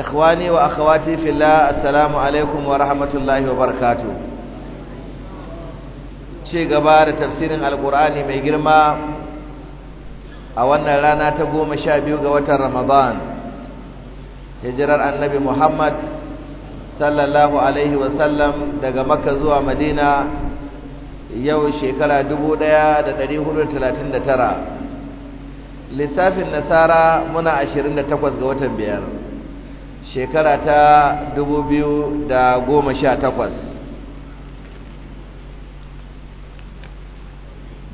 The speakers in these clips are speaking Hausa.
ikhwani wa akhawati fillah assalamu alaikum wa rahmatullahi wa barakatuh ce gaba da tafsirin alqur'ani mai girma a wannan rana ta goma sha biyu ga watan ramadan hijirar annabi muhammad sallallahu alaihi wasallam daga makka zuwa madina yau shekara dubu ɗaya da da ɗari talatin tara. lissafin nasara muna ashirin da takwas ga watan biyar shekara ta dubu biyu da goma sha 2018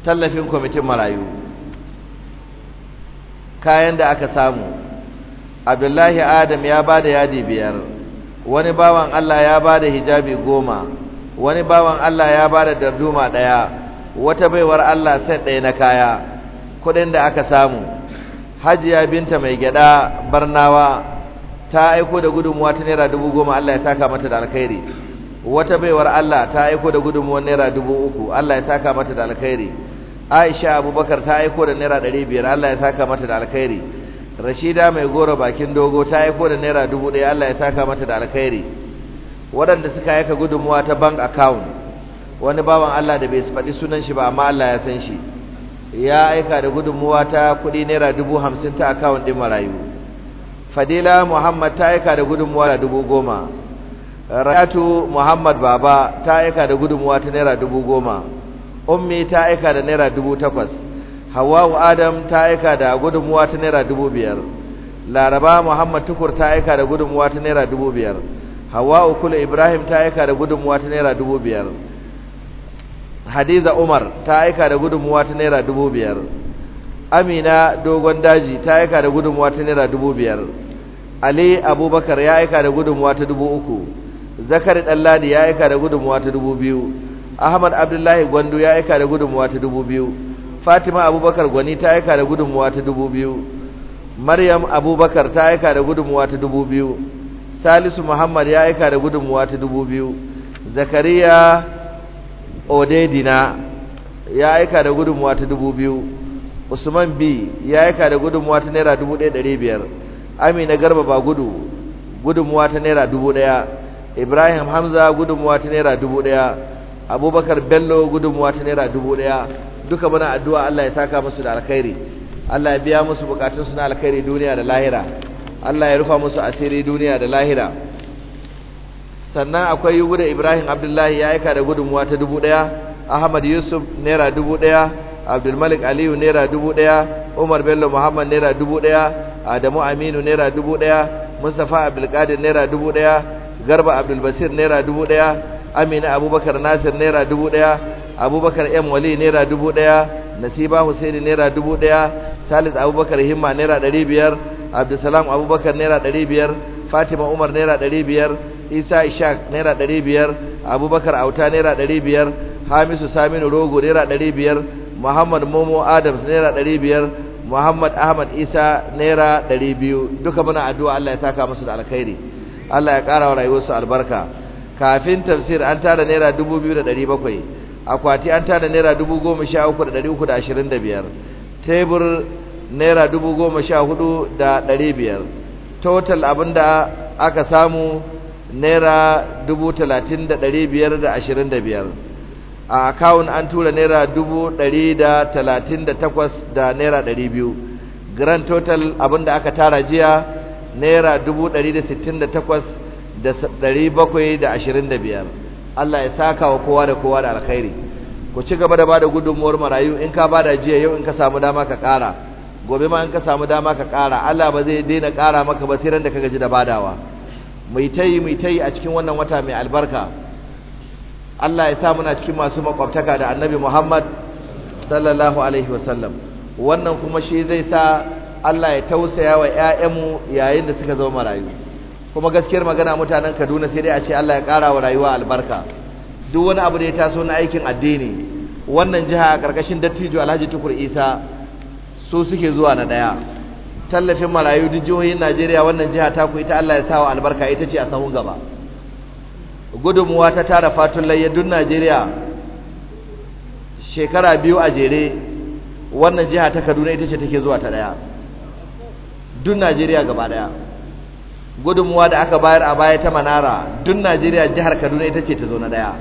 tallafin kwamitin marayu kayan da aka samu abdullahi adam ya ba da yadi biyar wani bawan allah ya ba da hijabi goma wani bawan allah ya ba da darduma ɗaya wata baiwar allah sai ɗaya na kaya kuɗin da aka samu hajiya binta mai gyaɗa barnawa ta aiko da gudunmuwa ta naira dubu goma Allah ya taka mata da alkhairi wata baiwar Allah ta aiko da gudunmuwar naira dubu uku Allah ya taka mata da alkhairi Aisha Abubakar ta aiko da naira ɗari biyar Allah ya taka mata da alkhairi Rashida mai goro bakin dogo ta aiko da naira dubu ɗaya Allah ya taka mata da alkhairi waɗanda suka aika gudunmuwa ta bank account wani bawan Allah da bai faɗi sunan shi ba amma Allah ya san shi ya aika da gudunmuwa ta kuɗi naira dubu hamsin ta account ɗin marayu fadila muhammad ta aika da gudunmuwa da dubu goma rayatu muhammad baba ta aika da gudunmuwa ta naira dubu goma ummi ta aika da naira dubu takwas hawa'u adam ta aika da gudunmuwa ta naira dubu biyar laraba muhammad tukur ta aika da gudunmuwa ta naira dubu biyar hawa'u kula ibrahim ta aika da gudunmuwa ta naira dubu biyar hadiza umar ta aika da gudunmuwa ta naira dubu biyar amina dogon daji ta aika da gudunmuwa ta naira dubu biyar ali abubakar ya aika da gudunmuwa ta dubu uku zakari ɗanladi ya aika da gudunmuwa ta dubu biyu ahmad abdullahi gwandu ya aika da gudunmuwa ta dubu biyu fatima abubakar gwani ta aika da gudunmuwa ta dubu biyu maryam abubakar ta aika da gudunmuwa ta dubu biyu salisu muhammad ya aika da gudunmuwa ta dubu biyu zakariya odedina ya aika da gudunmuwa ta dubu biyu usman b ya aika da gudunmuwa ta naira dubu ɗaya ɗari biyar amina garba ba gudu gudunmuwa ta naira dubu ɗaya ibrahim hamza gudunmuwa ta naira dubu ɗaya abubakar bello gudunmuwa ta naira dubu ɗaya duka muna addu'a allah ya saka musu da alkhairi allah ya biya musu bukatunsu na alkhairi duniya da lahira allah ya rufa musu asiri duniya da lahira sannan akwai yugo da ibrahim abdullahi ya aika da gudunmuwa ta dubu ɗaya ahmad yusuf naira dubu ɗaya abdulmalik aliyu naira dubu ɗaya umar bello muhammad naira dubu ɗaya adamu aminu naira dubu ɗaya mustapha abdulkadir naira dubu ɗaya garba abdulbasir naira dubu ɗaya amina abubakar nasir naira dubu ɗaya abubakar m wali naira dubu ɗaya nasiba husaini naira dubu ɗaya salis abubakar himma naira ɗari biyar abdulsalam abubakar naira ɗari biyar fatima umar naira ɗari biyar isa ishaq naira ɗari biyar abubakar auta naira ɗari biyar hamisu saminu rogo naira ɗari biyar muhammad momo adams naira ɗari biyar muhammad ahmad isa naira ɗari biyu duka muna addu'a allah ya saka musu da alkhairi allah ya ƙara wa rayuwarsu albarka kafin tafsir an tara naira dubu biyu da ɗari bakwai akwati an tara naira dubu goma sha uku da ɗari uku da ashirin da biyar tebur naira dubu goma sha hudu da ɗari biyar total abin da aka samu naira dubu talatin da ɗari biyar da ashirin da biyar a akawun an tura naira dubu ɗari da talatin da takwas da naira ɗari biyu grand total abinda aka tara jiya naira dubu ɗari da sittin da takwas da ɗari bakwai da ashirin da biyar allah ya saka wa kowa da kowa da alkhairi ku ci gaba da bada da gudunmuwar marayu in ka ba jiya yau in ka samu dama ka ƙara gobe ma in ka samu dama ka ƙara allah ba zai daina ƙara maka ba sai ran da ka gaji da badawa mai ta yi a cikin wannan wata mai albarka Allah ya sa muna cikin masu makwabtaka da annabi Muhammad sallallahu alaihi wasallam wannan kuma shi zai sa Allah ya tausaya wa ƴaƴanmu yayin da suka zama marayu kuma gaskiyar magana mutanen Kaduna sai dai a ce Allah ya ƙara wa rayuwa albarka duk wani abu da ya taso na aikin addini wannan jiha a ƙarƙashin dattijo Alhaji Tukur Isa su suke zuwa na ɗaya tallafin marayu duk jihohin Najeriya wannan jiha ta ku ita Allah ya sa wa albarka ita ce a sahun gaba gudunmuwa ta tara fatun layyadun najeriya shekara biyu a jere wannan jiha ta kaduna ita ce take zuwa ta daya dun najeriya gaba daya gudunmuwa da aka bayar a baya ta manara dun najeriya jihar kaduna ita ce ta zo na daya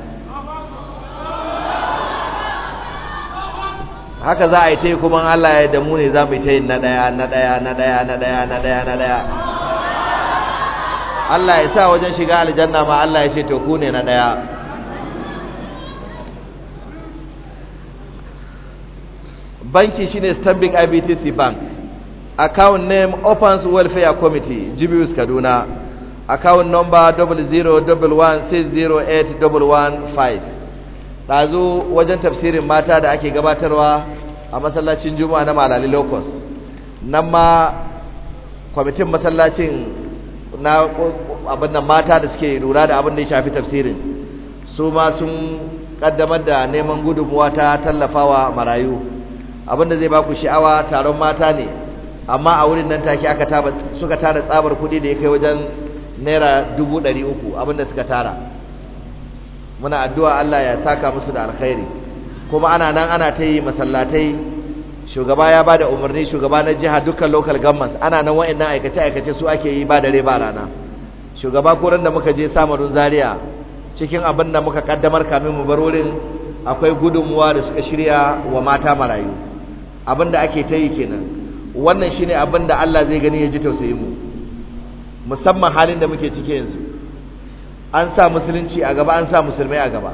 haka za a yi ta yi kuma allah ya mu ne za mu yi ta yi na daya na daya na daya na daya na daya na daya Allah ya sa wajen shiga aljanna ma Allah ya ce to ku ne na ɗaya banki shine stambic IBTC Bank account name Opens Welfare Committee Jibius Kaduna account number 0016081115 dazu wajen tafsirin mata da ake gabatarwa a masallacin Juma'a na Malali locus nan ma kwamitin masallacin na abin da mata da suke lura da abin da ya shafi tafsirin su ma sun kaddamar da neman gudunmuwa ta tallafawa marayu abin da zai ba ku sha'awa taron mata ne amma a wurin nan take aka taba suka tara tsabar kuɗi da ya kai wajen naira dubu ɗari uku abin da suka tara muna addu'a Allah ya saka musu da alkhairi kuma ana nan ana ta yi masallatai shugaba ya bada umarni shugaba na jiha dukkan local government ana nan wayannan aikace aikace su ake yi ba da ba rana shugaba koran da muka je samarin zaria cikin abin da muka kaddamar kamin mu bar wurin akwai gudunmuwa da suka shirya wa mata marayu abin da ake ta yi kenan wannan shine abin da Allah zai gani ya ji tausayin mu musamman halin da muke ciki yanzu an sa musulunci a gaba an sa musulmai a gaba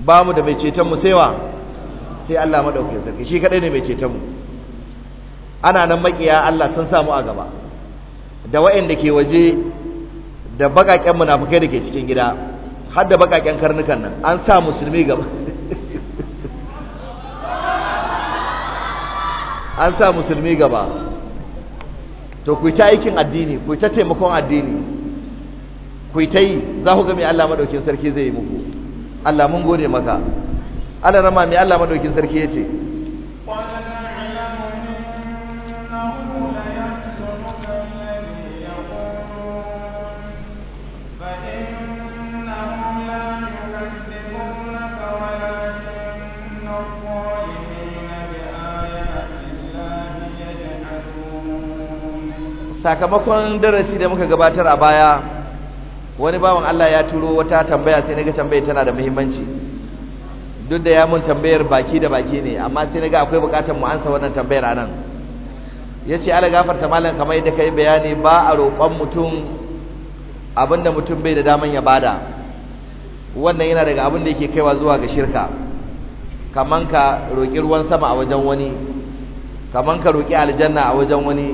ba mu da mai ceton mu sai wa sai Allah madaukakin sarki shi kadai ne mai ceton mu ana nan makiya Allah sun samu a gaba da waɗanda ke waje da bakaken munafikai da ke cikin gida har da bakaken karnukan nan an sa musulmi gaba an sa musulmi gaba to ku ta aikin addini ku ta taimakon addini ku ta yi za ku ga mai Allah madaukin sarki zai yi muku Allah mun gode maka Ana rama mai Allah madaukin sarki ya ce sakamakon darasi da muka gabatar a baya wani bawan Allah ya turo wata tambaya sai na ga tambayar tana da muhimmanci duk da ya mun tambayar baki da baki ne amma sai naga akwai bukatar mu ansa wannan tambayar anan yace gafar gafarta malam kamar yadda kai bayani ba a roƙon mutum abinda mutum bai da daman ya bada wannan yana daga abin da yake kaiwa zuwa ga shirka kaman ka roƙi ruwan sama a wajen wani kaman ka roƙi aljanna a wajen wani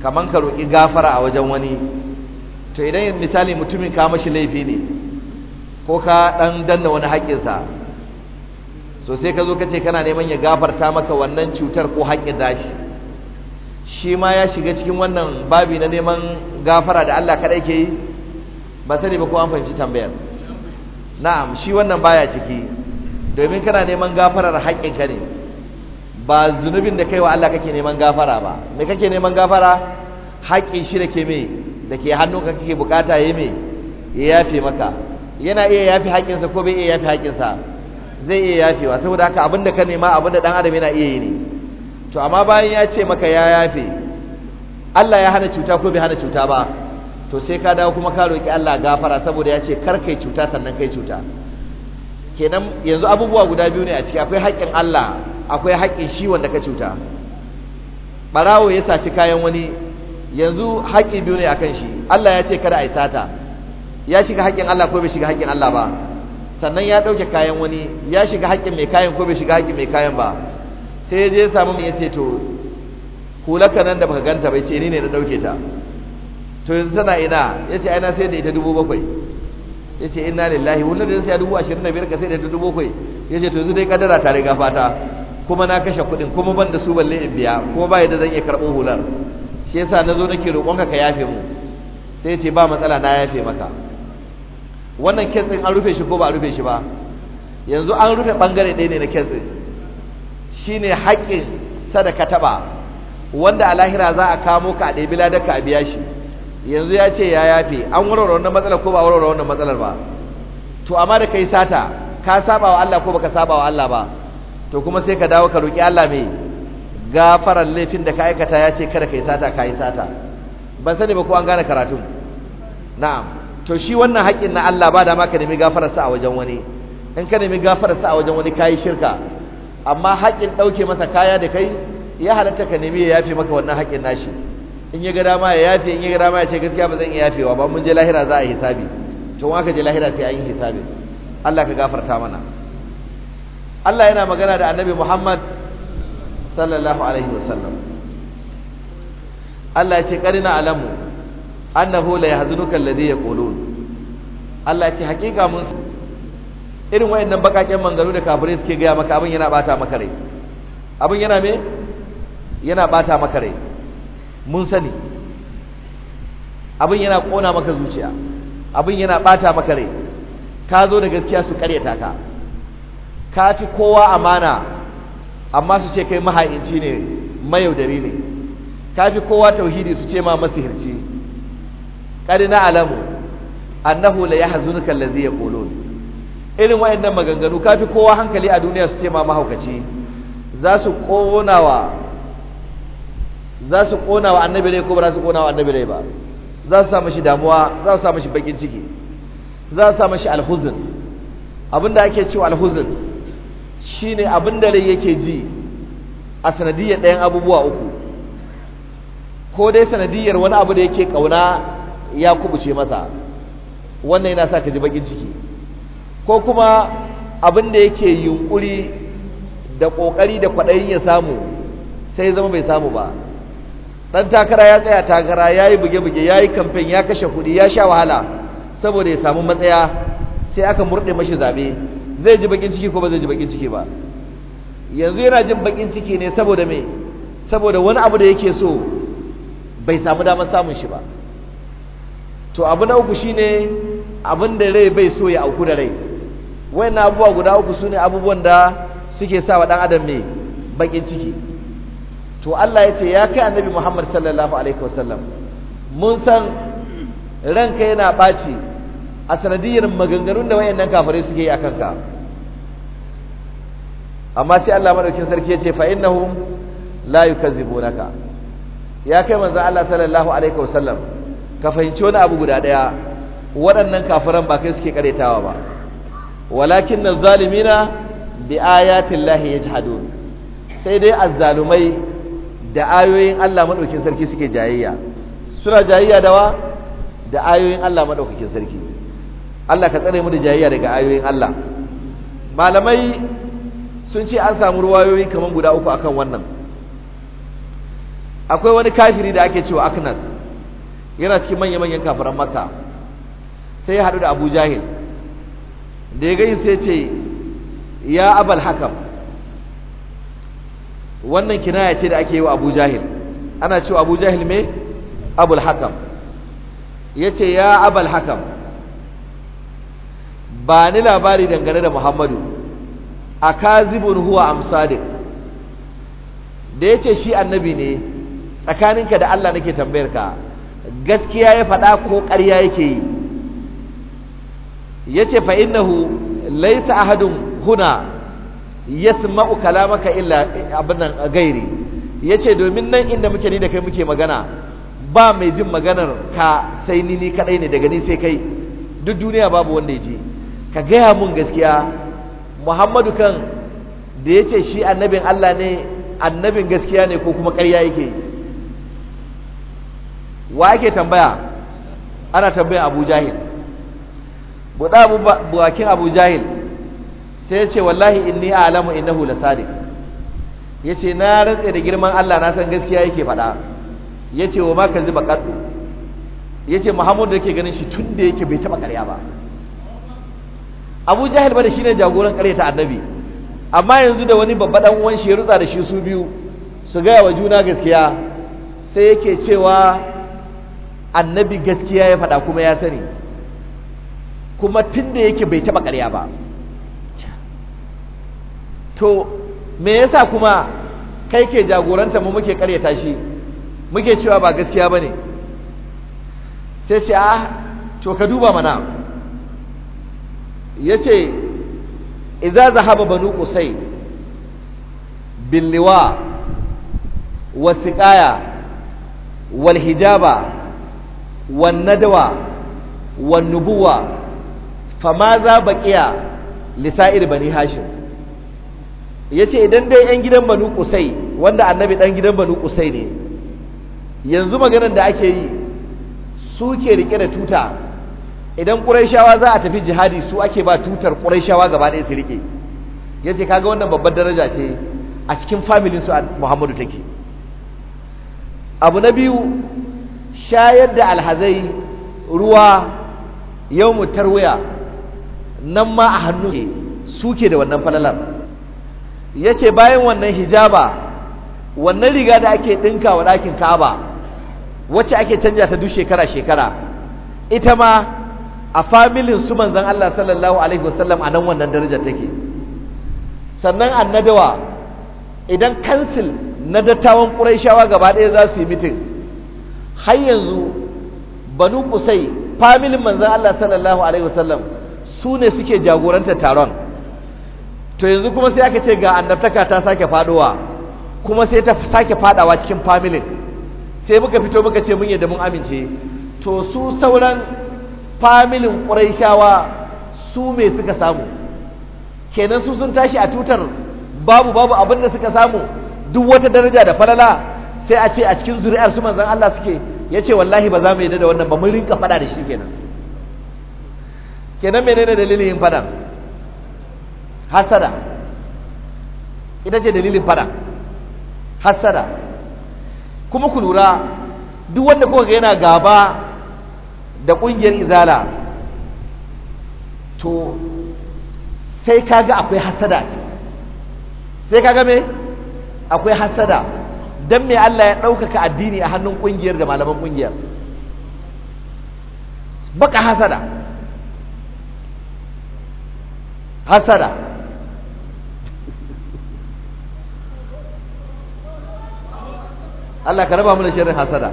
kaman ka roƙi gafara a wajen wani to idan misali mutumin ka mashi laifi ne ko ka dan danna wani haƙƙinsa so sai ka zo ka ce kana neman ya gafarta maka wannan cutar ko haƙƙi dashi shi ma ya shiga cikin wannan babi na neman gafara da Allah kaɗai ke yi ba sani ba ko an fahimci tambayar na'am shi wannan baya ciki domin kana neman gafarar haƙƙinka ne ba zunubin da kai wa Allah kake neman gafara ba me kake neman gafara haƙƙin shi da ke me da ke hannunka kake bukata yayi me ya yafe maka yana iya yafi haƙƙinsa ko bai iya yafi haƙƙinsa zai iya yafewa saboda haka abin da ka nema abinda da dan adam yana iya yi ne to amma bayan ya ce maka ya yafe Allah ya hana cuta ko bai hana cuta ba to sai ka dawo kuma ka roki Allah gafara saboda ya ce kar kai cuta sannan kai cuta kenan yanzu abubuwa guda biyu ne a ciki akwai haƙƙin Allah akwai haƙƙin shi wanda ka cuta barawo ya saci kayan wani yanzu haƙƙi biyu ne akan shi Allah ya ce kada a yi sata ya shiga haƙƙin Allah ko bai shiga haƙƙin Allah ba sannan ya ɗauke kayan wani ya shiga haƙƙin mai kayan ko bai shiga haƙƙin mai kayan ba sai ya je ya samu mai ya ce to hulaka nan da baka ganta bai ce ni ne na ɗauke ta to yanzu tana ina ya ce aina sai da ita dubu bakwai ya ce inna lillahi wani da ya dubu ashirin da biyar ka sai da ita dubu bakwai ya ce to yanzu dai kadara ta riga fata kuma na kashe kuɗin kuma ban da su balle in biya kuma ba yadda zan iya karɓo hular shi yasa na zo nake roƙonka ka yafe mu sai ya ce ba matsala na yafe maka wannan kes ɗin an rufe shi ko ba a rufe shi ba yanzu an rufe bangare ɗaya ne na kes ɗin shi ne haƙƙin sadaka taɓa wanda a lahira za a kamo ka a ɗebi ladarka a biya shi yanzu ya ce ya yafe an warware wannan matsalar ko ba warware wannan matsalar ba to amma da kai sata ka saba wa Allah ko baka saba wa Allah ba to kuma sai ka dawo ka roƙi Allah me gafaran laifin da ka aikata ya ce kada kai sata kai sata ban sani ba ko an gane karatun na'am to shi wannan haƙƙin na Allah ba da ma ka nemi gafararsa a wajen wani in ka nemi gafararsa a wajen wani kayi shirka amma haƙƙin ɗauke masa kaya da kai ya halatta ka nemi ya yafe maka wannan haƙƙin nashi in ya ga dama ya yafe in ya ga dama ya ce gaskiya ba zan iya yafewa ba mun je lahira za a yi hisabi to in ka je lahira sai an yi hisabi Allah ka gafarta mana Allah yana magana da Annabi Muhammad sallallahu alaihi wasallam Allah ya ce karina alamu annahu la yahzunuka alladhi yaqulu Allah ce hakika mun irin wayannan bakaken mangaru da kafirai suke gaya maka abin yana bata maka rai abin yana me yana bata maka rai mun sani abin yana kona maka zuciya abin yana bata maka rai ka zo da gaskiya su karyata ka ka ci kowa amana amma su ce kai maha'inci ne mayaudari ne ka fi kowa tauhidi su ce ma masihirci kadina na alamu annahu la yahzunuka allazi yaqulun irin wayannan maganganu kafi kowa hankali a duniya su ce ma mahaukaci za su konawa za su konawa annabi rai ko ba za su konawa annabi rai ba za su sa mashi damuwa za su sa shi bakin ciki za su sa mashi alhuzn abinda ake cewa alhuzn shine abinda rai yake ji a sanadiyar ɗayan abubuwa uku ko dai sanadiyar wani abu da yake kauna ya kubuce masa wannan yana sa ka ji bakin ciki ko kuma abin da yake yunkuri da kokari da kwaɗayin ya samu sai zama bai samu ba dan takara ya tsaya takara yayi buge-buge yayi kamfen ya kashe kuɗi ya sha wahala saboda ya samu matsaya sai aka murde mashi zabe zai ji bakin ciki ko ba zai ji bakin ciki ba yanzu yana jin bakin ciki ne saboda me saboda wani abu da yake so bai samu damar samun shi ba to abu na uku shine abin da rai bai so ya auku da rai na abubuwa guda uku su ne abubuwan da suke sa wa ɗan adam mai baƙin ciki to Allah ya ce ya kai annabi Muhammad sallallahu alaihi wasallam mun san ranka yana ɓaci a sanadiyar maganganun da wayannan kafirai suke yi a kanka. amma sai Allah madaukin sarki ya ce fa innahum la yukazzibunaka ya kai manzon Allah sallallahu alaihi wasallam ka fahimci wani abu guda ɗaya. waɗannan kafiran ba kai suke karetawa ba walakin na zalimina bi ayatin lahi ya jihadu sai dai azzalumai da ayoyin Allah maɗaukin sarki suke jayayya suna jayayya da wa da ayoyin Allah maɗaukakin sarki Allah ka tsare mu da jayayya daga ayoyin Allah malamai sun ce an samu ruwayoyi kamar guda uku akan wannan akwai wani kafiri da ake cewa aknas yana cikin manya-manyan kafiran maka sai ya haɗu da abu jahil da ya gani sai ce ya abal hakam wannan kinaya ce da ake yi wa abu jahil ana cewa abu jahil me abul hakam ya ce ya abal hakam ba ni labari dangane da muhammadu a kazibun huwa amsadik da ya ce shi annabi ne tsakaninka da allah nake ka gaskiya ya faɗa ko ƙarya yake yi yace fa innahu laisa ahadun huna yasma'u kalamaka illa abinan gairi yace domin nan inda muke ni da kai muke magana ba mai jin maganar ka sai ni ni kadai ne daga ni sai kai duk duniya babu wanda ya ji ka gaya mun gaskiya muhammadu kan da ya ce shi annabin allah ne annabin gaskiya ne ko kuma karya yake wa ake tambaya ana tambayan abu jahil buɗa bakin abu jahil sai ya ce wallahi inni alamu innahu la sadiq ya ce na rantse da girman Allah na san gaskiya yake faɗa ya ce wa ma zuba ya ce muhammadu da ke ganin shi tun da yake bai taɓa karya ba abu jahil ba da shi ne jagoran karya ta annabi amma yanzu da wani babba ɗan uwan shi ya rutsa da shi su biyu su gaya wa juna gaskiya sai yake cewa annabi gaskiya ya faɗa kuma ya sani kuma tun da yake bai taɓa ƙarya ba to me yasa kuma kai ke jagoranta mu muke ƙaryata shi muke cewa ba gaskiya ba ne sai ce ah to ka duba mana ya ce iza zahaba banu qusay billiwa wasiqaya wal hijaba wan nadwa fama za baqiya lisa'ir bani hashim ya ce idan dai yan gidan banu qusay wanda annabi dan gidan banu qusay ne yanzu maganar da ake yi su ke rike da tuta idan ƙuraishawa za a tafi jihadi su ake ba tutar ƙuraishawa gaba ɗaya su rike ce kaga wannan babbar daraja ce a cikin familin su Muhammadu take abu na biyu shayar da alhazai ruwa yau mu nan ma a hannu suke da wannan falalar ce bayan wannan hijaba wannan riga da ake dinka wa ɗakin kaba, wacce ake canja ta duk shekara shekara ita ma a familin su manzon Allah sallallahu alaihi wasallam a nan wannan darajar take sannan annadawa idan kansil na dattawan Qurayshawa gaba ɗaya za su yi mitin har yanzu Banu kusai, familin manzon Allah sallallahu alaihi wasallam su ne suke jagoranta taron to yanzu kuma sai aka ce ga annabtaka ta sake faduwa kuma sai ta sake fadawa cikin familin sai muka fito muka ce mun yadda mun amince to su sauran familin ƙuraishawa su me suka samu kenan su sun tashi a tutar babu babu abin da suka samu duk wata daraja da falala sai a ce a cikin zuri'ar su manzon Allah suke yace wallahi ba za mu yadda da wannan ba mun rinka fada da shi kenan kenan menene dalilin yin fadan hasada ita ce dalilin fadan hasada kuma ku lura duk wanda kuka ga yana gaba da kungiyar izala to sai kaga akwai hasada sai kaga me akwai hasada dan me Allah ya ɗaukaka addini a hannun kungiyar da malaman kungiyar baka hasada hasada Allah ka raba mu da shirin hasada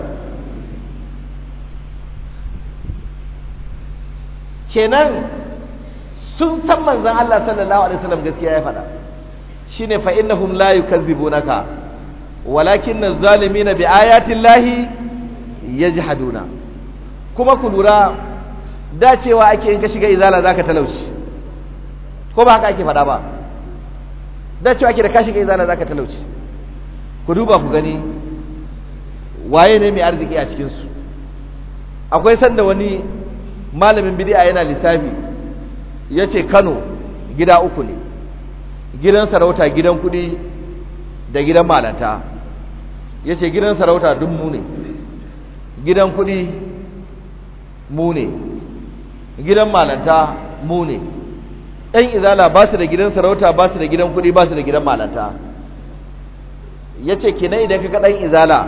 kenan sun san manzon Allah sallallahu alaihi wasallam gaskiya ya faɗa shine fa innahum la yukazzibunaka walakin az-zalimina bi ayati llahi yajhaduna kuma ku lura dacewa ake in ka shiga izala zaka talauci ko ba haka ake faɗa ba da cewa ake da kashi kai zana zaka talauci ku duba ku gani waye ne mai arziki a cikin su akwai sanda wani malamin bid'a yana lissafi yace Kano gida uku ne gidan sarauta gidan kudi da gidan malanta yace gidan sarauta duk mu ne gidan kudi mu ne gidan malanta mu ne Ɗan izala ba su da gidan sarauta ba su da gidan kuɗi ba su da gidan malata ya ce kina idan ka ɗan izala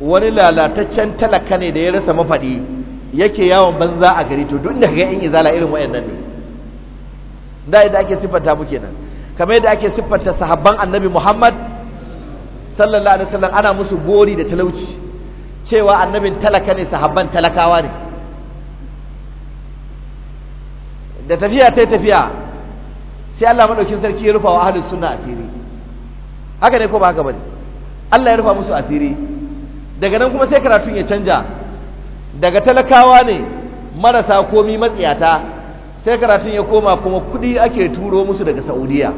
wani lalataccen talaka ne da ya rasa mafaɗi yake yawon banza a gari to duk da ga 'yan izala irin wayannan ne da yadda ake siffanta muke nan, kamar yadda ake siffanta sahabban annabi muhammad sallallahu alaihi wasallam ana musu gori da talauci cewa annabin talaka ne sahabban talakawa ne da tafiya ta tafiya sai Allah madaukin sarki ya rufa wa ahlus sunna asiri haka ne ko ba haka bane Allah ya rufa musu asiri daga nan kuma sai karatun ya canja daga talakawa ne marasa komi matsiyata sai karatun ya koma kuma kudi ake turo musu daga Saudiya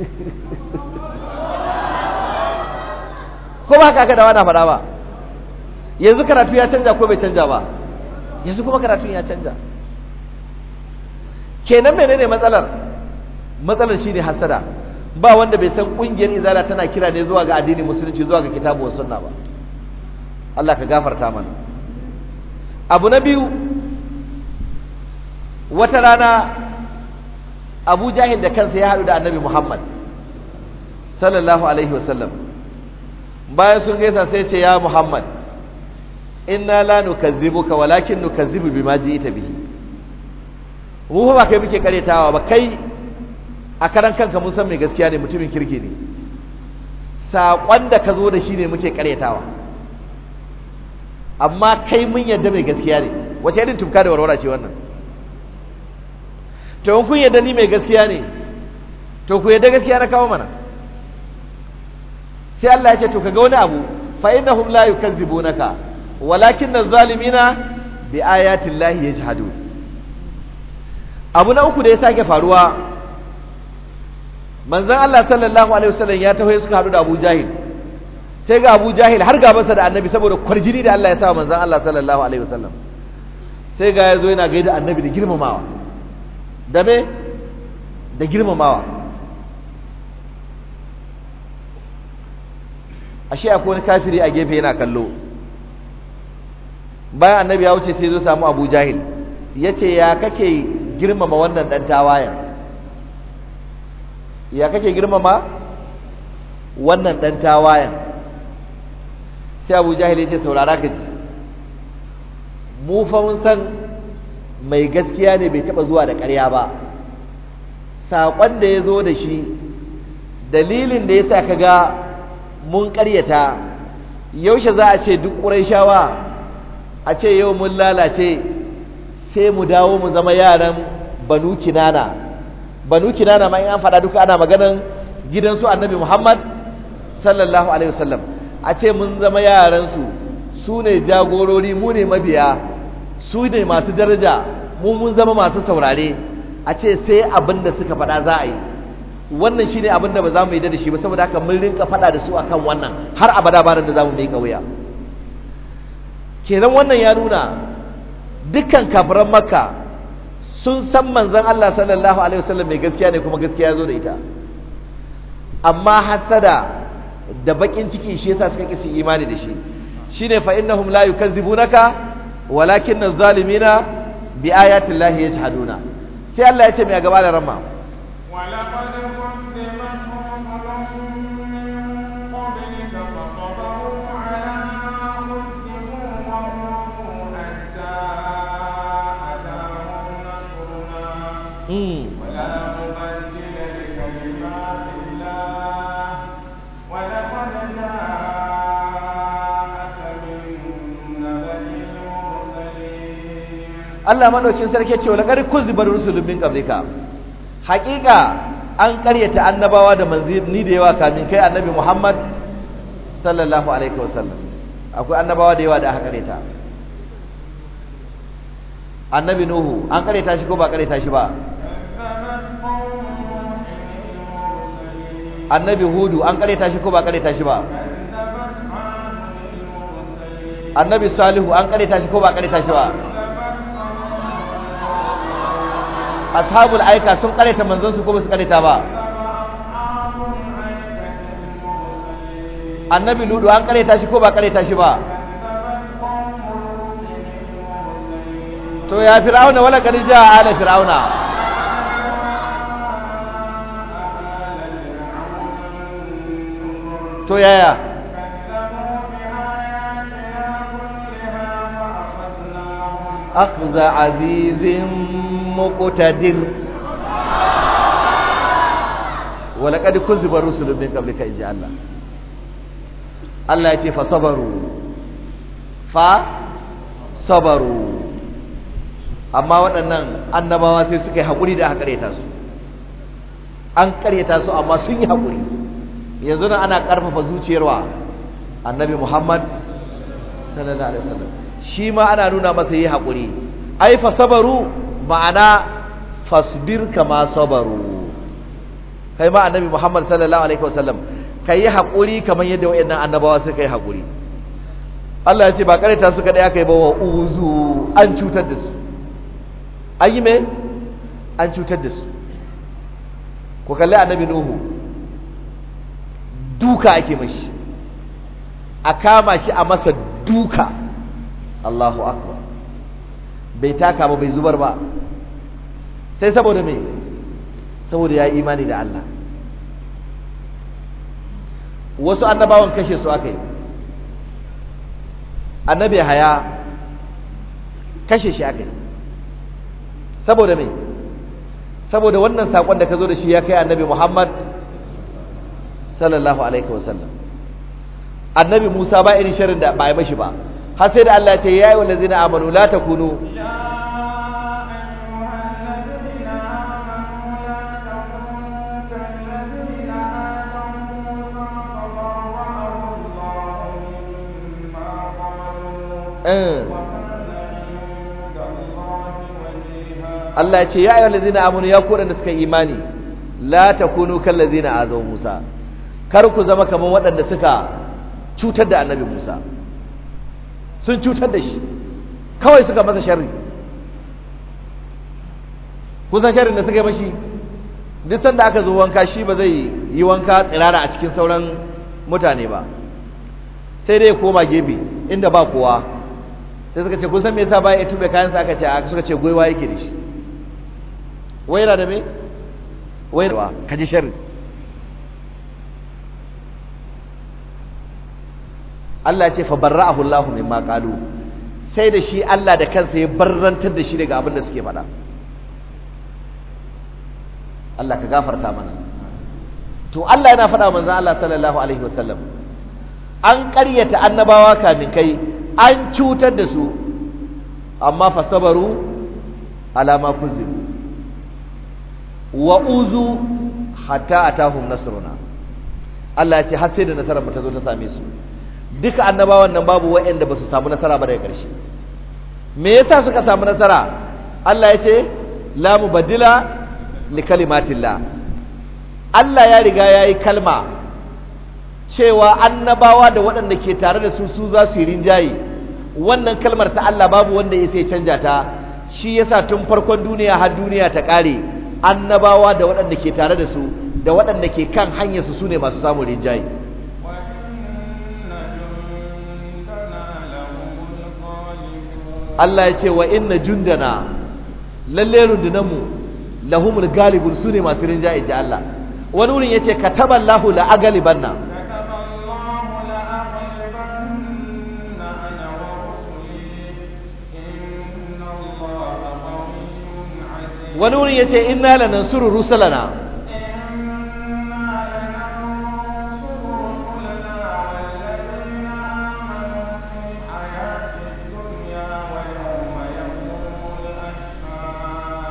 ko ba haka aka dawa na faɗa ba yanzu karatu ya canja ko bai canja ba yanzu kuma karatun ya canza kenan ne matsalar matsalar shine hasada ba wanda bai san kungiyar izala tana kira ne zuwa ga addinin musulunci zuwa ga kitabu wa sunna ba Allah ka gafarta mana abu na biyu wata rana Abu Jahil da kansa ya haɗu da Annabi Muhammad sallallahu alaihi wasallam bayan sun gaisa sai ce ya Muhammad inna la nukazzibuka walakin nukazzibu bima ji'ta bihi mu ba kai muke karetawa ba kai a karan kanka mun san mai gaskiya ne mutumin kirki ne saƙon da ka zo da shi ne muke karetawa amma kai mun yadda mai gaskiya ne wace irin tumka da warwara ce wannan to kun yadda ni mai gaskiya ne to ku yadda gaskiya na kawo mana sai Allah ya ce to kaga wani abu fa innahum la yukazzibunaka walakin da zalimina bi ayatin lahi ya jihadu abu na uku da ya sake faruwa manzan Allah sallallahu alaihi wasallam ya taho suka hadu da Abu Jahil sai ga Abu Jahil har gabansa da annabi saboda kwarjini da Allah ya sa manzan Allah sallallahu alaihi wasallam sai ga ya zo yana gaida annabi da girmamawa da me da girmamawa ashe akwai wani kafiri a gefe yana kallo bayan annabi ya wuce sai zo samu abu jahil ya ce ya kake girmama wannan ɗan tawayen ya kake girmama wannan ɗan tawayen sai abu jahil ya ce saurara ka ci mu san mai gaskiya ne bai taɓa zuwa da ƙarya ba saƙon da ya zo da shi dalilin da ya sa ka ga mun ƙaryata yaushe za a ce duk ƙurai shawa a ce yau mun lalace sai mu dawo mu zama yaran banu kinana banu kinana ma in an faɗa duka ana maganan gidansu annabi muhammad sallallahu alaihi wasallam a ce mun zama yaransu su ne jagorori mu ne mabiya su ne masu daraja mu mun zama masu saurare a ce sai abinda suka faɗa za a yi wannan shine ne abin da ba za mu yi da shi ba saboda haka mun rinka faɗa da su akan wannan har abada ba da za mu mai wuya kenan wannan ya nuna dukkan kafiran makka sun san manzon Allah sallallahu alaihi wasallam mai gaskiya ne kuma gaskiya zo da ita amma hasada da bakin ciki shi yasa suka kisi imani da shi shine fa innahum la yukazzibunaka walakin az-zalimina bi ayati llahi yajhaduna sai Allah ya ce mai gaba da rama Allah madaukin sarki ce ولقد جاءك kuzi bar المرسلين min ما دوكين an ƙaryata annabawa da ni da yawa kamin kai annabi Muhammad sallallahu alaihi wasallam akwai annabawa da yawa da aka karyata annabi Nuhu an karyata shi ko ba karyata shi ba annabi hudu an kareta shi ko ba kareta shi ba annabi salihu an kareta shi ko ba kareta shi ba ashabul aika sun kareta manzon su ko ba su kareta ba annabi ludu an kareta shi ko ba kareta shi ba to ya fir'auna wala kadija ala fir'auna to yaya akhza azizin muqtadir wa laqad kuziba rusulun min qablika inji Allah Allah yace fa sabaru fa sabaru amma wadannan annabawa sai suka yi hakuri da aka ƙaryata su an kareta su amma sun yi hakuri yanzu nan ana ƙarfafa zuciyarwa annabi muhammad sallallahu alaihi wasallam shi ma ana nuna masa yi haƙuri ai fa sabaru ma'ana fasbir kama sabaru kai ma annabi muhammad sallallahu alaihi wasallam kai haƙuri kamar yadda wayannan annabawa suka yi haƙuri Allah ya ce ba ta su kaɗai aka yi ba wa uzu an cutar da su an yi me an cutar da su ku kalli annabi nuhu duka ake mashi a kama shi a masa duka Allahu akbar bai taka ba bai zubar ba sai saboda me saboda ya yi imani da Allah wasu annabawan kashe su aka yi annabi haya kashe shi aka yi saboda me saboda wannan saƙon da ka zo da shi ya kai annabi Muhammad sallallahu alaihi wasallam annabi Musa ba irin sharrin da ba yi mashi ba har sai da Allah ya ce ya ayyuhal ladzina amanu la takunu eh. Allah ya ce ya ayyuhal ladzina amanu ya ku da suka imani la takunu kal ladzina azaw Musa kar ku zama kamar waɗanda suka cutar da annabi Musa sun cutar da shi kawai suka masa sharri kusan shari da suka yi mashi duk sanda aka zo wanka shi ba zai yi wanka tsirara a cikin sauran mutane ba sai dai ya koma gefe inda ba kowa sai suka ce kun san me yasa ba ya tube kayansa aka ce a suka ce goyiwa yake da shi wai yana da me wai da ka ji sharri Allah ce fa barra'ahu Allah mimma qalu sai da shi Allah da kansa ya barrantar da shi daga abin da suke faɗa Allah ka gafarta mana to Allah yana faɗa manzon Allah sallallahu alaihi wasallam an ƙaryata annabawa kamin kai an cutar da su amma fa sabaru ala ma kuzibu wa uzu hatta atahum nasruna Allah ya ce har sai da nasarar mu ta zo ta same su duka annabawan nan babu waɗanda ba su samu nasara ba daga ƙarshe me yasa suka samu nasara Allah ya ce la mubaddila li kalimatillah Allah ya riga ya yi kalma cewa annabawa da waɗanda ke tare da su su za su yi rinjaye wannan kalmar ta Allah babu wanda ya sai canja ta shi yasa tun farkon duniya har duniya ta ƙare annabawa da waɗanda ke tare da su da waɗanda ke kan hanyarsu su ne masu samun rinjaye Allah ya ce wa inna jundana lalle mu lahumul galibun sune ne masu rinja inji Allah wani wurin ya ce kataballahu la agalibanna wani wurin ya ce inna lanansuru rusulana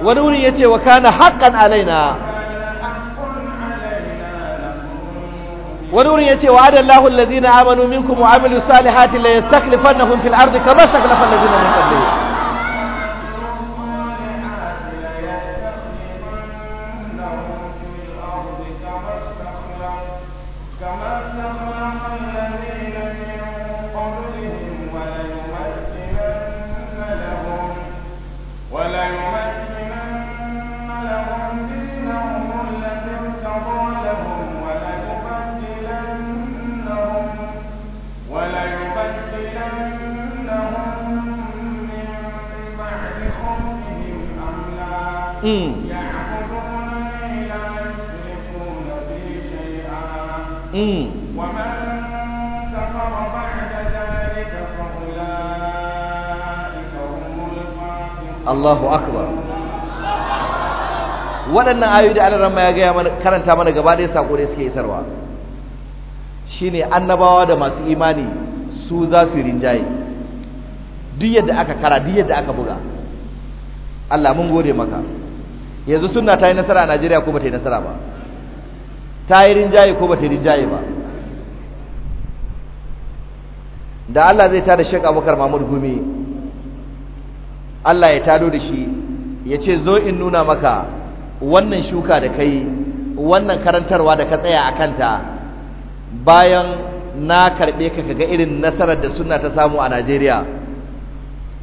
wani wuri yace wa kana haqqan alaina wani wuri yace wa adallahu alladhina amanu minkum wa amilus salihati la yastakhlifannahum fil ardi kamar istakhlafa alladhina min qablihim waɗannan ayoyi da Allah ma ya gaya mana karanta mana gaba ɗaya sako ne suke isarwa shine annabawa da masu imani su za su rinjaye duk yadda aka kara duk yadda aka buga Allah mun gode maka yanzu sunna ta yi nasara a Najeriya ko ba ta yi nasara ba ta yi rinjaye ko ba ta yi rinjaye ba da Allah zai tada Sheikh Abubakar Mahmud Gumi Allah ya tado da shi ya ce zo in nuna maka wannan shuka da kai wannan karantarwa da ka tsaya a kanta bayan na karɓe ka kaga irin nasarar da suna ta samu a Najeriya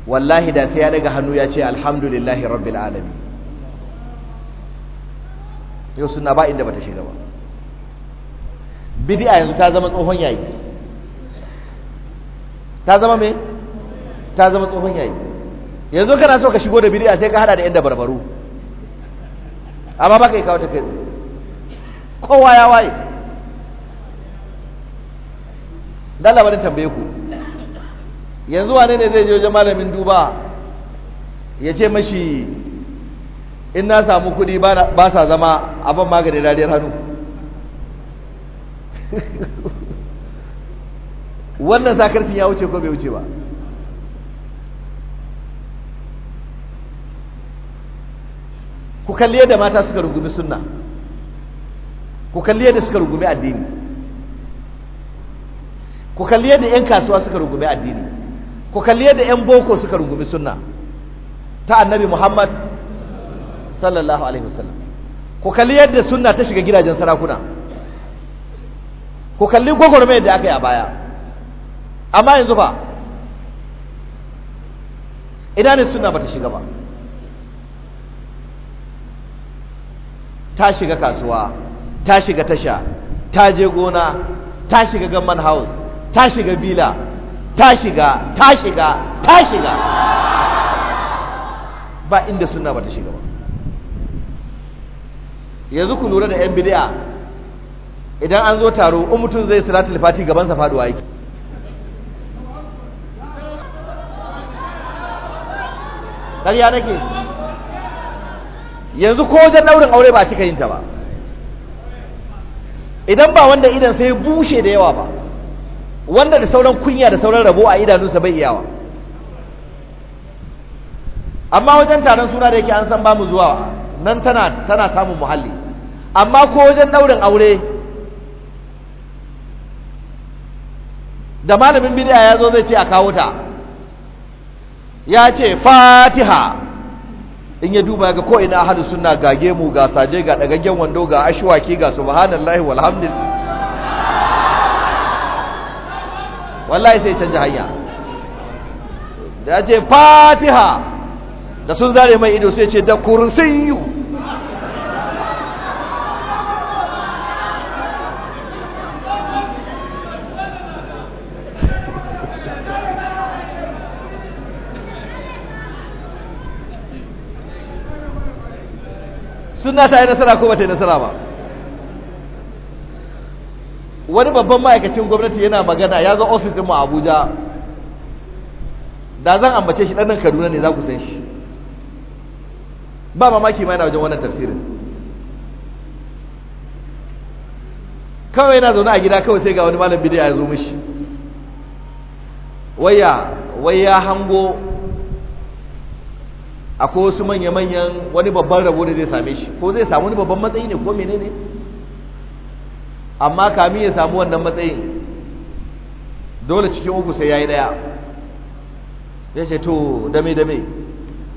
wallahi da sai ya daga hannu ya ce alhamdulillahi rabbil alamin yau suna ba inda bata shiga ba bid'a yanzu ta zama tsohon yayi ta zama me ta zama tsohon yayi yanzu kana so ka shigo da bid'a sai ka hada da yadda barbaru amma baka yi kawo ta kai kowa ya waye dan labarin tambaye ku yanzu wane ne zai je wajen malamin duba ya ce mashi in na samu kuɗi ba sa zama abin maganin rariyar hannu wannan sakarfin ya wuce ko bai wuce ba ku kalli yadda mata suka rugumi sunna ku kalli yadda suka rugumi addini ku kalli yadda 'yan kasuwa suka rugumi addini ku kalli yadda 'yan boko suka rugumi sunna ta annabi muhammad sallallahu alaihi wasallam ku kalli yadda sunna ta shiga gidajen sarakuna ku kalli gwagwarmayar da aka yi a baya amma yanzu ba ina ne sunna ba ta shiga ba ta shiga kasuwa ta shiga tasha ta je gona ta shiga gamman house ta shiga bila ta shiga ta shiga ta shiga ba inda suna ba ta shiga ba yanzu ku lura da 'yan bidiya idan an zo taro in mutum zai salatul lifati gabansa faduwa yake ƙarya nake yanzu ko wajen daurin aure ba cika yin ta ba idan ba wanda idan sai bushe da yawa ba wanda da sauran kunya da sauran rabo a idanunsa bai iyawa amma wajen taron suna da yake an san ba mu zuwa nan tana samun muhalli amma ko wajen daurin aure da malamin bid'a ya zo zai ce a kawo ta ya ce fatiha in ya duba ga ko ina suna sunna ga gemu ga saje ga wando ga ashwaki ga subhanallahi walhamdulillah wallahi sai canji hanya da ce fatiha da sun zare mai ido sai ce da yiwu suna ta yi nasara ko ba ta yi nasara ba wani babban ma'aikacin gwamnati yana magana ya zo ofis ɗinmu a abuja da zan ambace shi ɗannan kaduna ne za ku san shi ba mamaki ma yana wajen wannan tafsirin kawai yana zaune a gida kawai sai ga wani malam bidiya ya zo mishi waya wai hango akwai wasu manya-manyan wani babban rabo da zai same shi ko zai samu wani babban matsayi ne ko menene amma kamin ya samu wannan matsayin dole cikin uku sai ya yi ɗaya ya ce to dame-dame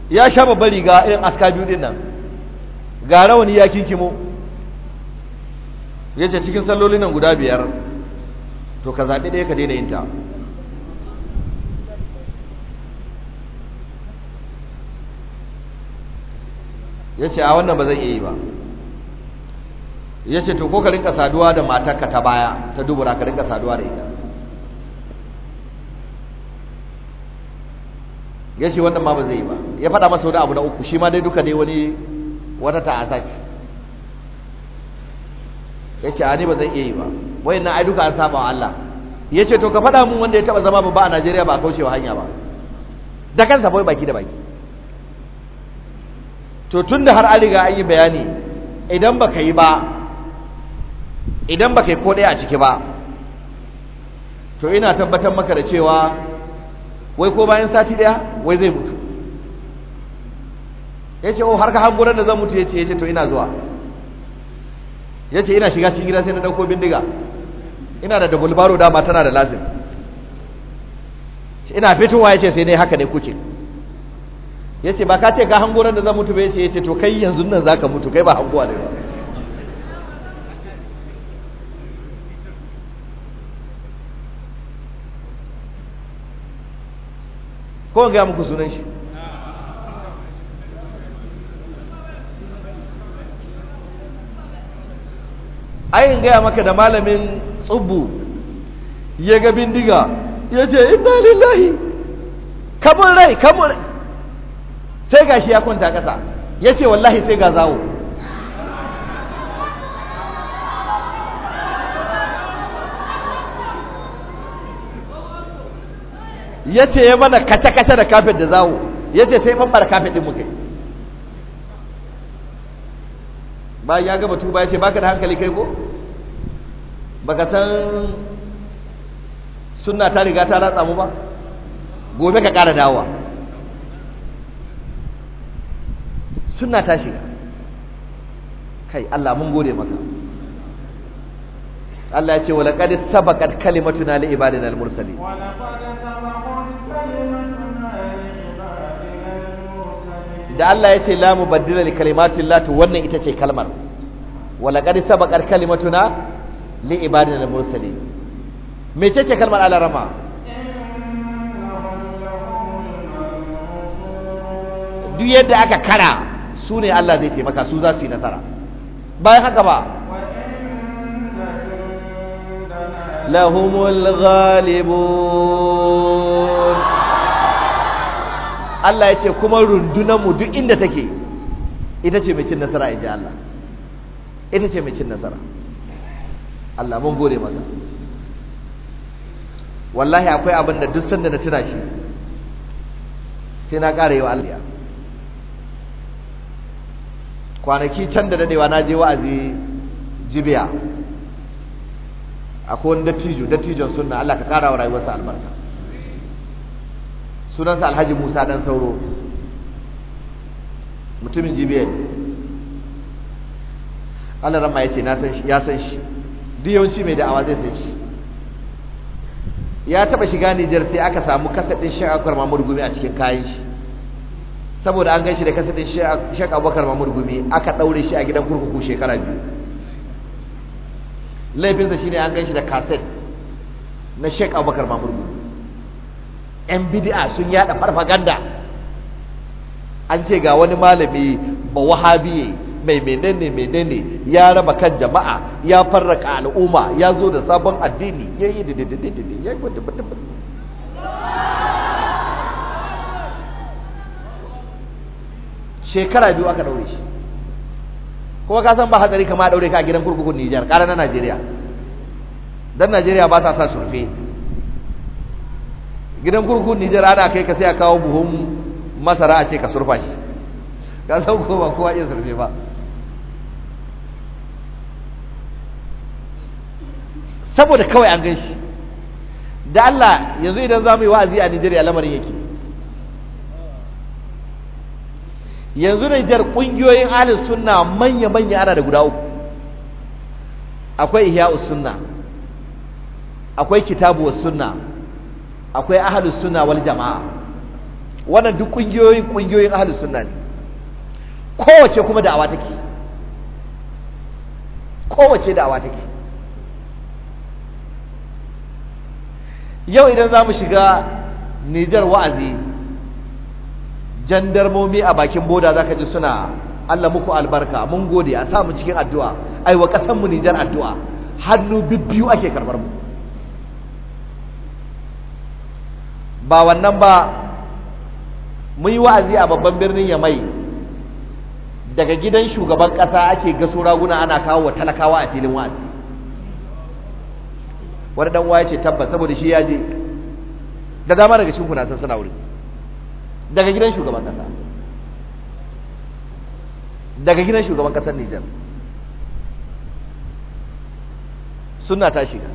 ya sha babban riga irin aska biyu din nan ga rawani ya kinkimo ya ce cikin sallolin nan guda biyar to ka zaɓi ɗaya ka daina yin ta ya ce a wannan ba zai iya yi ba ya ce to ko ka rinka saduwa da matarka ta baya ta dubura ka rinka saduwa da ita ya ce wannan ma ba zai yi ba ya faɗa masa wani abu na uku shi ma dai duka ne wani wata ta'asa ce ya ce a ne ba zai iya yi ba wayan na ai duka an saba wa Allah ya ce to ka faɗa mun wanda ya taɓa zama ba a Najeriya ba a kaucewa hanya ba da kansa bai baki da baki to tunda har an riga an yi bayani idan baka yi ba idan baka yi ko ɗaya a ciki ba to ina tabbatar maka da cewa wai ko bayan sati ɗaya wai zai mutu ya ce o oh, har ka hangurar da zan mutu ya ce ya ce to ina zuwa ya ce ina shiga cikin gida sai na ɗauko bindiga ina da dabulbaro dama tana da lazim ina fitowa ya ce sai ne haka ne kuke ya ce ba ka ce ka hango da zan mutu ba ya ce ya ce to kai yanzu nan za ka mutu kai ba hangowa ne ba ko ga muku sunan shi ayin gaya maka da malamin tsubu ya ga bindiga ya ce ita lillahi kamun rai kamun rai sai shi ya kwanta ƙasa ya ce wallahi sai ga zawo ya ce ya mana kace-kace da kafin da zawo ya ce sai ɓanɓar kafin ɗin muka ba ya gaba tuba ya ce baka da hankali kai ko baka san sunna ta riga ta ratsa mu ba gobe ka ƙara dawowa sunna ta shiga kai Allah mun gode maka Allah ya ce wa laqad sabaqat kalimatuna li ibadina al-mursalin wa laqad sabaqat kalimatuna da Allah ya ce la mubaddila li kalimati Allah to wannan ita ce kalmar wa laqad sabaqat kalimatuna li ibadina al-mursalin Me ce ce kalmar al'arama? rama duk yadda aka kara su ne Allah zai taimaka su za su yi nasara bayan haka ba lahumul ghalibun Allah ya ce kuma rundunar mu duk inda take ita ce mai cin nasara in Allah ita ce mai cin nasara Allah mun gode maka wallahi akwai abin da duk sanda na tuna shi sai na ƙara yi wa Allah kwanaki can da dadewa na je wa'azi jibiya akwai wani dattijo dattijon sunna Allah ka kara wa rayuwarsa albarka sunansa alhaji musa dan sauro mutumin jibiya ne Allah ramma ya ce ya san shi duk yawanci mai da'awa zai san shi ya taba shiga Nijar sai aka samu kasadin shi akwai Mahmud Gumi a cikin kayan shi saboda an ganshi da kasadin shek abubakar mahmud gumi aka ɗaure shi a gidan kurkuku shekara biyu Laifin laifinsa ne an ganshi da kaset na shek abubakar mahmud gumi yan bidi'a sun yada farfaganda an ce ga wani malami ba wahabiye mai menene menene ya raba kan jama'a ya farraka al'umma ya zo da sabon addini ya yi da ya yi shekara biyu aka daure shi kuma ka san ba hatsari kama a daure ka a gidan kurkukun Nijar ƙara na Najeriya dan Najeriya ba sa sa surfe gidan kurkukun Nijar ana kai ka sai a kawo buhun masara a ce ka surfa shi ka san ko ba kowa iya surfe ba saboda kawai an gan shi da Allah yanzu idan za mu yi wa'azi a Nijeriya ya lamarin yake yanzu jar kungiyoyin ahli sunna manya manya ana da guda uku akwai ihya'us sunna akwai kitabu was sunna akwai ahli sunna wal jamaa wannan duk kungiyoyin kungiyoyin ahli sunna ne kowace kuma da'awa take kowace da'awa take yau idan za mu shiga Nijar wa'azi jandarmomi a bakin boda zaka ji suna Allah muku albarka mun gode a samu cikin addu'a ai wa kasan mu Nijar addu'a hannu bibbiyu ake karbar mu ba wannan ba mun yi wa'azi a babban birnin Yamai daga gidan shugaban ƙasa ake gaso raguna ana kawo wa talakawa a filin wa'azi wani dan waye ce tabbas saboda shi ya je da dama daga shi kuna san suna wuri daga gidan shugaban kasa daga gidan shugaban kasar Nijar suna ta shiga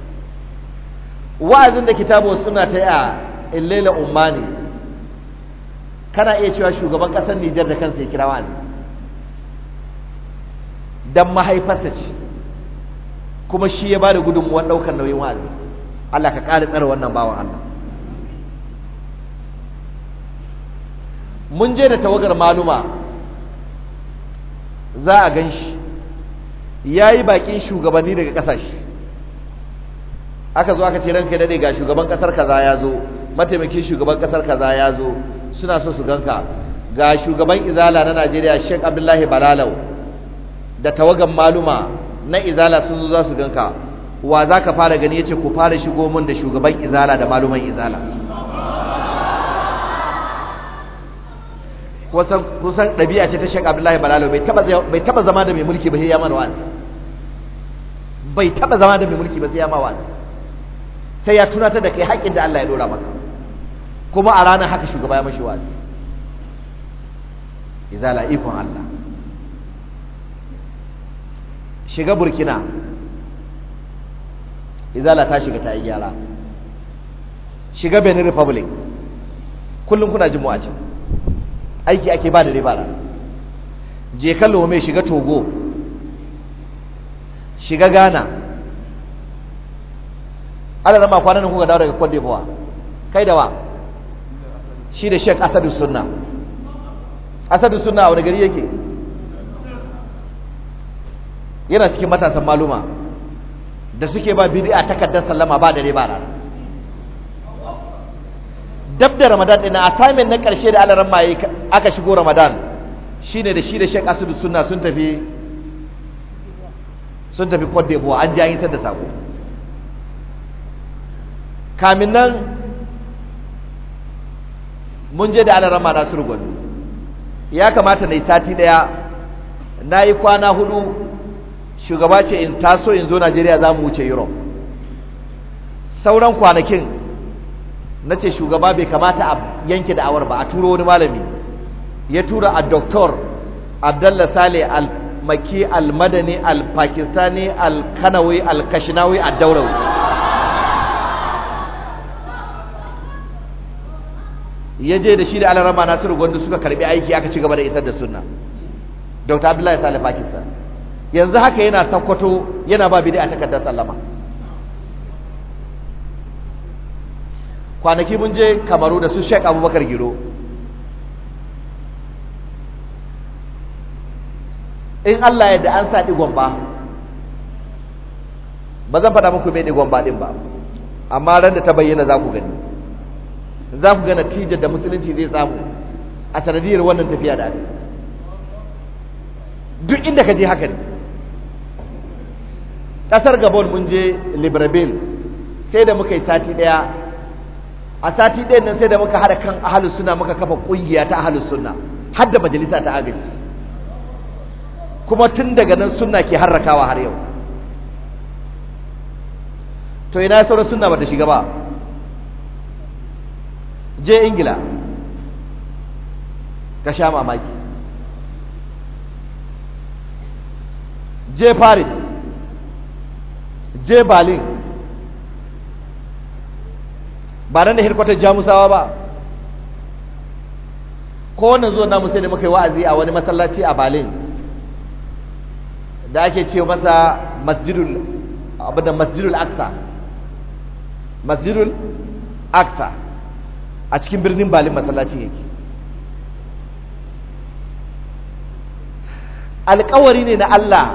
wa'azin da kitabo suna ta a illela ummani kana iya cewa shugaban kasar Nijar da kansa ya kira wa'azi don mahaifarsa ce kuma shi ya bada gudunmuwar daukar nauyin wa'azi Allah ka ƙara tsare wannan bawan Allah mun je da tawagar maluma za a gan shi ya yi bakin shugabanni daga ƙasashe aka zo aka ce ranka daɗe ga shugaban ƙasar kaza ya zo mataimakin shugaban ƙasar kaza ya zo suna so su ganka ga shugaban izala na najeriya sheikh abdullahi balalau da tawagan maluma na izala sun zo za su ganka wa za ka fara gani ya ce ku fara shigo mun da shugaban izala da maluman izala kusan ɗabi'a ce ta shek abdullahi balalo bai taba zama da mai mulki ba sai ya mana wa'azi bai taba zama da mai mulki ba sai ya mana wa'azi sai ya tunatar da kai haƙƙin da Allah ya dora maka kuma a ranar haka shugaba ya mashi wa'azi izala ikon Allah shiga burkina izala ta shiga ta yi gyara shiga benin republic kullum kuna jin mu a cikin aiki ake ba da riba rana je kan mai shiga togo shiga ghana ala zama kwanan kuka dawo daga cote kai da wa shi da sheik asadu sunna asadu sunna a wani gari yake yana cikin matasan maluma da suke ba a takardar sallama ba da riba rana dab da ramadan ɗin a timin na ƙarshe da alaran maye aka shigo ramadan shine da shi da shek asudu sunna sun tafi sun tafi cote d'ivoire an ji an yi da sako kamin nan mun je da alaran ma nasiru gwado ya kamata na yi sati ɗaya na yi kwana hudu shugaba ce in taso in zo najeriya za mu wuce europe sauran kwanakin na ce shugaba bai kamata a yanke da'awar ba a turo wani malami ya tura a doktor abdallah sale al-maki al-madani al-pakistani al-kanawi al-kashinawi a daurawi ya je da shi da alarama nasiru gwandu suka karbi aiki aka ci gaba da isar da suna dr abdullahi sale pakistan yanzu haka yana sakkwato yana ba bidi a takardar sallama kwanaki mun je kamaru da su sheik abubakar giro in allah yadda an sa digon ba ba zan faɗa muku mai digon ba ɗin ba amma ran da ta bayyana za ku gani za ku ga tijar da musulunci zai samu a sanadiyar wannan tafiya da ake duk inda ka je haka ne ƙasar gabon mun je libreville sai da muka yi sati ɗaya a sati ɗayan nan sai da muka haɗa kan ahalus suna muka kafa ƙungiya ta ahalus suna, har da majalisa ta agaji kuma tun daga nan suna ke harrakawa har yau to ina sauran ba bata shiga ba je ingila ka sha mamaki je paris je berlin ba nan da hirkwatar jamusawa ba ko wannan zuwan namu sai da muka yi wa'azi a wani masallaci a balin da ake ce masa masjidul da masjidul aksa masjidul aksa a cikin birnin balin masallacin yake alkawari ne na Allah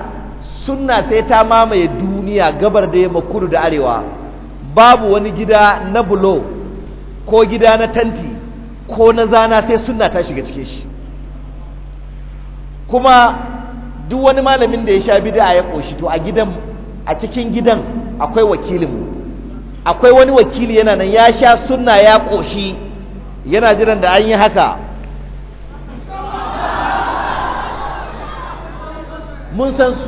sunna sai ta mamaye duniya gabar da yamma kudu da arewa babu wani gida na bulo ko gida na tanti ko na zana sai sunna ta shiga cike shi kuma duk wani malamin da ya sha bid'a ya koshi to a gidan a cikin gidan akwai wakilin akwai wani wakili yana nan ya sha sunna ya koshi yana jiran da an yi haka mun san su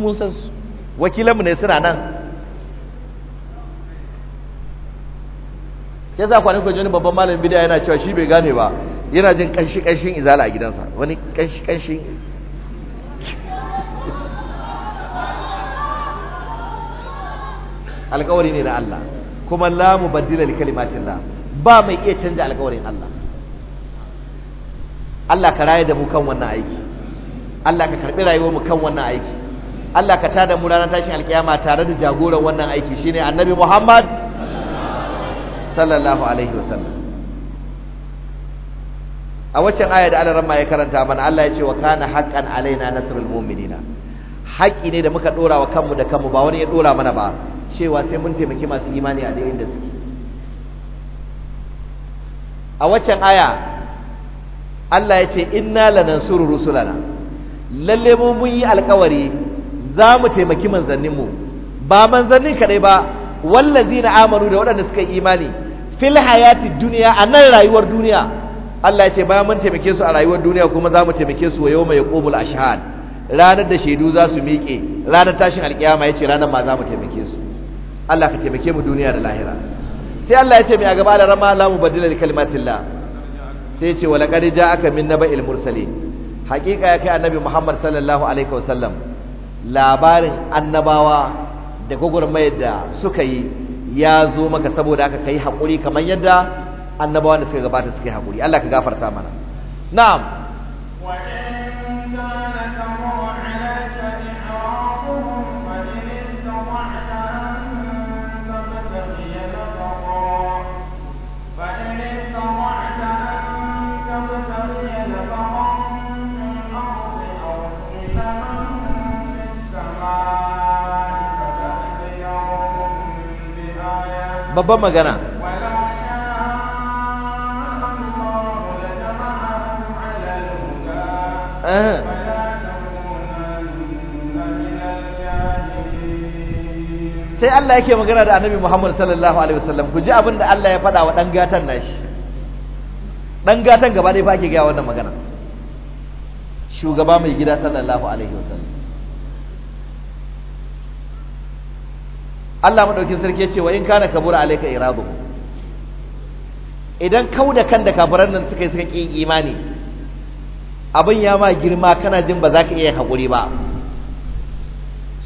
mun san su wakilanmu ne suna nan sai za kwanin kwanjoni babban malamin bidiyar yana cewa shi bai gane ba yana jin kanshi kanshin izala a gidansa wani kanshi kanshin alkawari ne na Allah kuma lamu baddilar li da ba mai iya canja alkawarin Allah Allah ka raye da mu kan wannan aiki Allah ka karɓi rayuwar mu kan wannan aiki Allah ka tada mu ranar tashin alkiyama tare da jagoran wannan aiki shine annabi Muhammad sallallahu alaihi wasallam a waccan aya da Allah ramma ya karanta mana Allah ya ce wa kana haqqan alaina nasrul mu'minina haƙi ne da muka dora wa kanmu da kanmu ba wani ya dora mana ba cewa sai mun taimaki masu imani a dai inda suke a waccan aya Allah ya ce inna lanansuru rusulana lalle mu mun yi alƙawari za mu taimaki manzanninmu ba manzannin kaɗai ba wallazi na amanu da waɗanda suka yi imani fil hayati duniya a nan rayuwar duniya Allah ya ce bayan mun taimake su a rayuwar duniya kuma za mu taimake su wa yau mai a ashhad ranar da shaidu za su miƙe ranar tashin alƙiyama ya ce ranar ma za mu taimake su Allah ka taimake mu duniya da lahira sai Allah ya ce mai a gaba da rama lamu mubaddila li kalimatillah sai ya ce wa laqad aka min naba'il mursalin haƙiƙa ya kai annabi Muhammad sallallahu alaihi wasallam labarin annabawa da gwagwarmayar da suka yi ya zo maka saboda aka kai haƙuri kamar yadda annabawa da suka gabata suka yi haƙuri Allah ka gafarta mana na'am babban magana eh. sai Allah yake magana da annabi Muhammad sallallahu alaihi wasallam ku ji abin da Allah ya faɗa wa ɗan gatan nashi ɗan gatan gaba ɗaya fa ake gaya wannan magana shugaba mai gida sallallahu alaihi wasallam Allah madaukin sarki ya ce wa in kana kabura alayka iradu idan kau da kan da kafiran nan suka yi suka ƙi imani abin ya ma girma kana jin ba za ka iya hakuri ba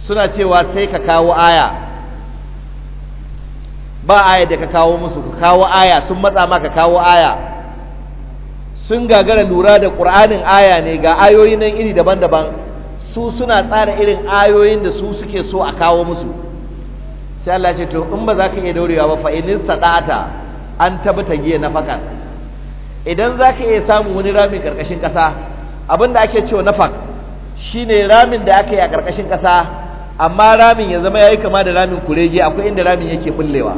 suna cewa sai ka kawo aya ba aya da ka kawo musu ka kawo aya sun matsa ma ka kawo aya sun gagara lura da ƙur'anin aya ne ga ayoyi nan iri daban-daban su suna tsara irin ayoyin da su suke so a kawo musu sai Allah ce to in ba za ka iya daurewa ba fa inin sadata an tabbata giya nafakan. idan za ka iya samun wani rami karkashin kasa abinda ake cewa nafak shine ramin da aka yi a karkashin kasa amma ramin ya zama yayi kama da ramin kurege akwai inda ramin yake bullewa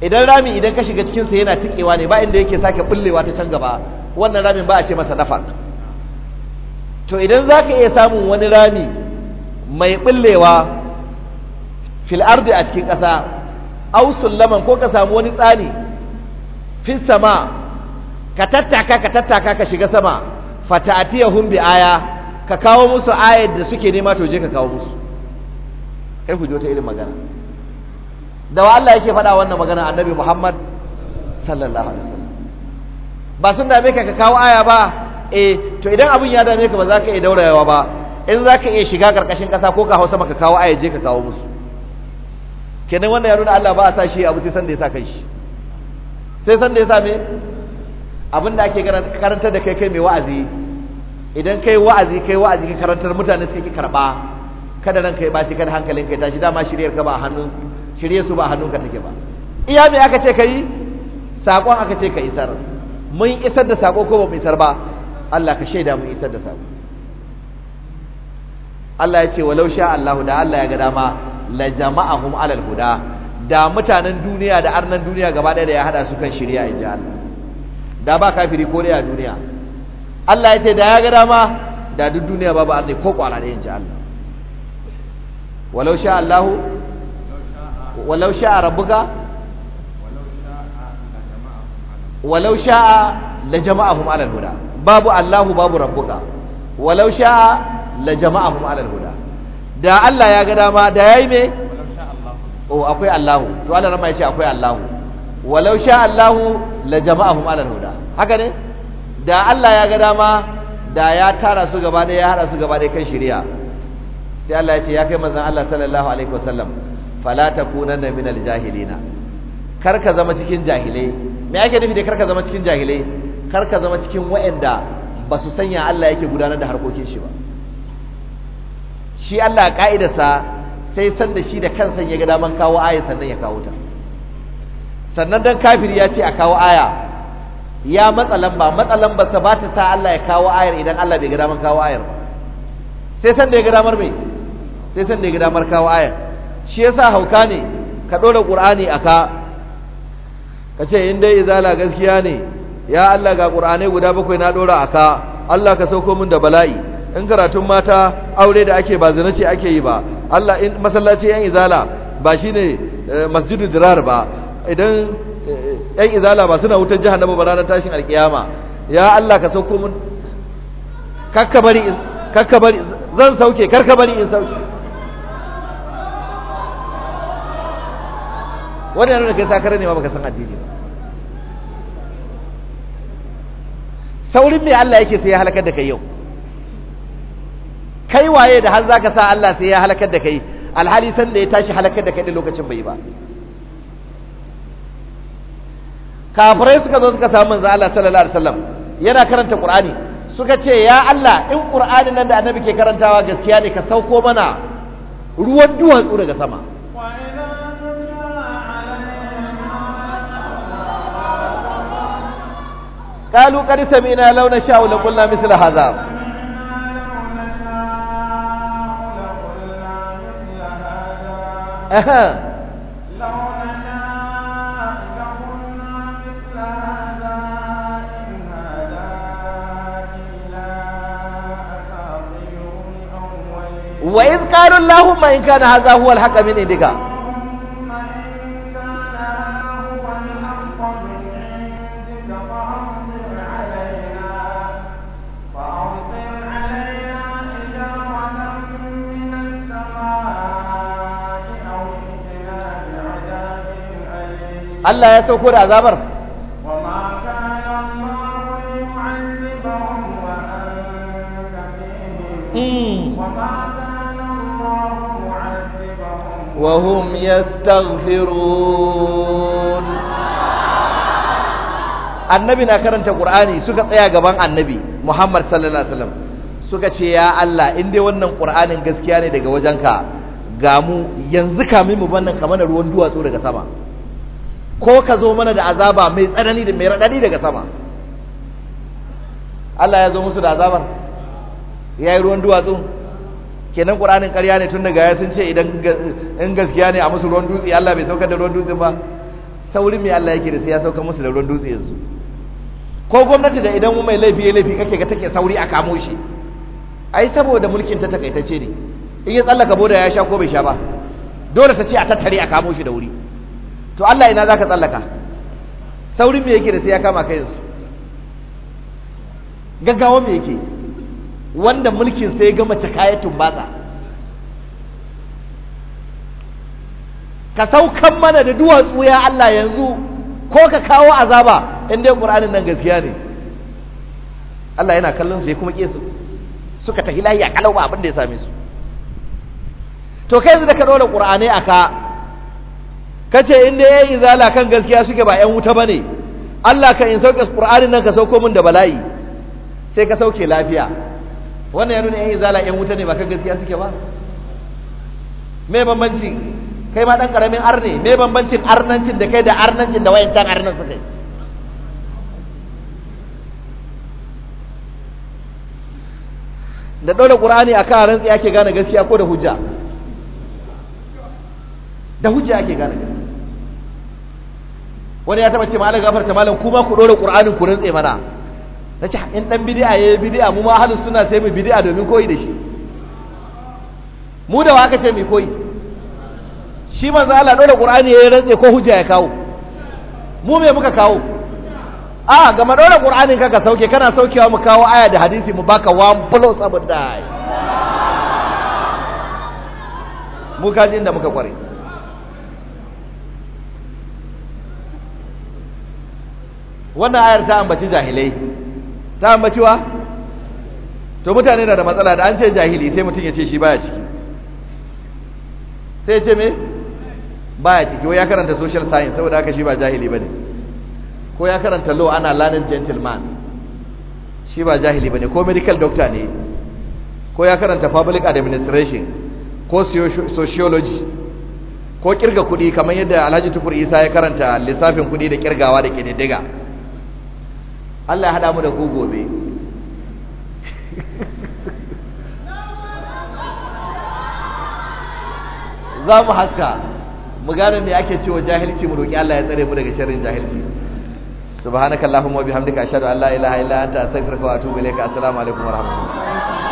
idan ramin idan ka shiga cikin sa yana tikewa ne ba inda yake sake bullewa ta can gaba wannan ramin ba a ce masa nafak to idan za ka iya samun wani rami mai bullewa fil ardi a cikin ƙasa aw sullaman ko ka samu wani tsani fil sama ka tattaka ka tattaka ka shiga sama fata'tiyahum bi aya ka kawo musu ayar da suke nema to je ka kawo musu kai ku ji wata irin magana da wa Allah yake faɗa wannan magana annabi Muhammad sallallahu alaihi wasallam ba sun dame ka ka kawo aya ba eh to idan abun ya dame ka ba za ka iya daurayawa ba in za ka iya shiga karkashin ƙasa ko ka hau sama ka kawo aya je ka kawo musu kenan wanda ya nuna Allah ba a sa shi abu sai san da ya sa kai shi sai san da ya sa me abinda ake karantar da kai kai mai wa'azi idan kai wa'azi kai wa'azi kai karantar mutane suke karba kada nan kai baci kada hankalin kai tashi dama shiryar ka ba hannun shirye su ba hannun ka take ba iya me aka ce kai sakon aka ce ka isar mun isar da sako ko ba mu isar ba Allah ka shaida mun isar da sako Allah ya ce walau sha Allahu da Allah ya ga dama la jama'ahum alal huda da mutanen duniya da arnan duniya gaba ɗaya da ya hada su kan shirya in ji Allah da ba kafiri ko a duniya Allah ya ce da ya ga dama da duk duniya ba ba arni ko kwara ne in ji Allah walau sha Allahu walau sha rabbuka walau sha la jama'ahum alal huda babu Allahu babu rabuka walau sha la jama'ahum alal huda da Allah ya ga dama da yayi me oh akwai Allahu to Allah rama ya ce akwai Allahu walau sha Allahu la jama'ahum ala huda haka ne da Allah ya ga dama da ya tara su gaba da ya hada su gaba ɗaya kan shari'a sai Allah ya ce ya kai manzon Allah sallallahu alaihi wasallam fala takunanna minal jahilina kar ka zama cikin jahilai me ake nufi da kar ka zama cikin jahilai kar ka zama cikin wa'anda ba su sanya Allah yake gudanar da harkokin shi ba shi Allah ka'idarsa sai san da shi da kansa ya ga daman kawo aya sannan ya kawo ta sannan dan kafiri ya ce a kawo aya ya matsa lamba matsa lamba sa ba ta sa Allah ya kawo ayar idan Allah bai ga daman kawo ayar sai san da ya ga damar me sai san da ya ga damar kawo ayar shi yasa hauka ne ka dora qur'ani aka ka ce in dai izala gaskiya ne ya Allah ga qur'ani guda bakwai na dora aka Allah ka sauko min da bala'i in karatun mata aure da ake ba zina ce ake yi ba Allah in masallaci yan izala ba shine eh, masjidu dirar ba idan eh, yan izala ba suna wutar jahannama ba ranar tashin alkiyama ya Allah ka sauko mun kakka bari kakka bari zan sauke karka bari in sauke wannan da kai sakar ne ma baka san addini ba saurin me Allah yake sai ya halakar da kai yau kai waye da har zaka sa Allah sai ya halakar da kai alhali san da ya tashi halakar da kai lokacin bai ba kafirai suka zo suka samu manzo Allah sallallahu alaihi wasallam yana karanta Qur'ani suka ce ya Allah in Qur'ani nan da annabi ke karantawa gaskiya ne ka sauko mana ruwan duwatsu daga sama قالوا قد سمعنا لو نشاء لقلنا مثل هذا أها لو نشاء لقلنا مثل هذا إن هذا إلا أساطير الأولين وإذ قالوا اللهم إن كان هذا هو الحق من عندك ثم إن كان هو الحق من Allah ya sauko da azabar وهم يستغفرون annabi na karanta qur'ani suka tsaya gaban annabi Muhammad sallallahu alaihi wasallam suka ce ya Allah in dai wannan qur'anin gaskiya ne daga wajenka ga mu yanzu kamin mu bannan kamar ruwan duwatsu daga sama ko ka zo mana da azaba mai tsanani da mai raɗaɗi daga sama Allah ya zo musu da azabar ya yi ruwan duwatsu kenan ƙuranin ƙarya ne tun daga ya sun ce idan in gaskiya ne a musu ruwan dutse Allah bai saukar da ruwan dutse ba saurin mai Allah yake da sai ya sauka musu da ruwan dutse yanzu ko gwamnati da idan mai laifi ya laifi kake ga take sauri a kamo shi ai saboda mulkin ta takaitacce ne in ya tsallaka boda ya sha ko bai sha ba dole ta ce a tattare a kamo shi da wuri to Allah ina ka tsallaka saurin me yake da sai ya kama kai yanzu gaggawa me yake wanda mulkin sai ya gama cakayatun batsa ka saukan mana da duwatsu ya Allah yanzu ko ka kawo azaba in dai Qur'anin nan gaskiya ne Allah yana kallon su ya kuma kiyasu suka tahi lahiya kalau ba abin da ya same su to kai yanzu da ka dole a aka kace in da yayi izala kan gaskiya suke ba yan wuta bane Allah ka in sauke Qur'anin nan ka sauko min da bala'i sai ka sauke lafiya wannan ya nuna yan izala yan wuta ne ba kan gaskiya suke ba me bambanci kai ma dan karamin arne me bambancin arnancin da kai da arnancin da wayancan arnan suke da dole qur'ani a rantsi yake gane gaskiya ko da hujja da hujja yake gane gaskiya wani ya taba ce malam gafarta malam kuma ku dora qur'anin ku rantse mana nace in dan bid'a yayi bid'a mu ma ahlus sunna sai mu bid'a domin koyi da shi mu da waka ce mu koyi shi manzo Allah dora qur'ani yayi rantse ko hujja ya kawo mu me muka kawo a ga madora qur'anin ka sauke kana saukewa mu kawo aya da hadisi mu baka one blow saboda mu kaji inda muka kware wannan ayar ta ambaci jahilai ta ambaci wa to mutane na da matsala da an ce jahili sai mutum ya ce shi baya ciki sai ya ce me baya ciki ko ya karanta social science saboda haka shi ba jahili bane ko ya karanta law ana learned gentleman shi ba jahili bane ko medical doctor ne ko ya karanta public administration ko sociology ko kirga kuɗi kamar yadda Alhaji Tukur Isa ya karanta lissafin kuɗi da kirgawa da kididdiga Allah ya hada mu da ku gobe za mu haska mu gane me ake cewa jahilci mu roƙi Allah ya tsare mu daga sharrin jahilci subhanakallahumma wa bihamdika ashhadu an la ilaha illa anta astaghfiruka wa atubu ilayka assalamu alaikum wa rahmatullahi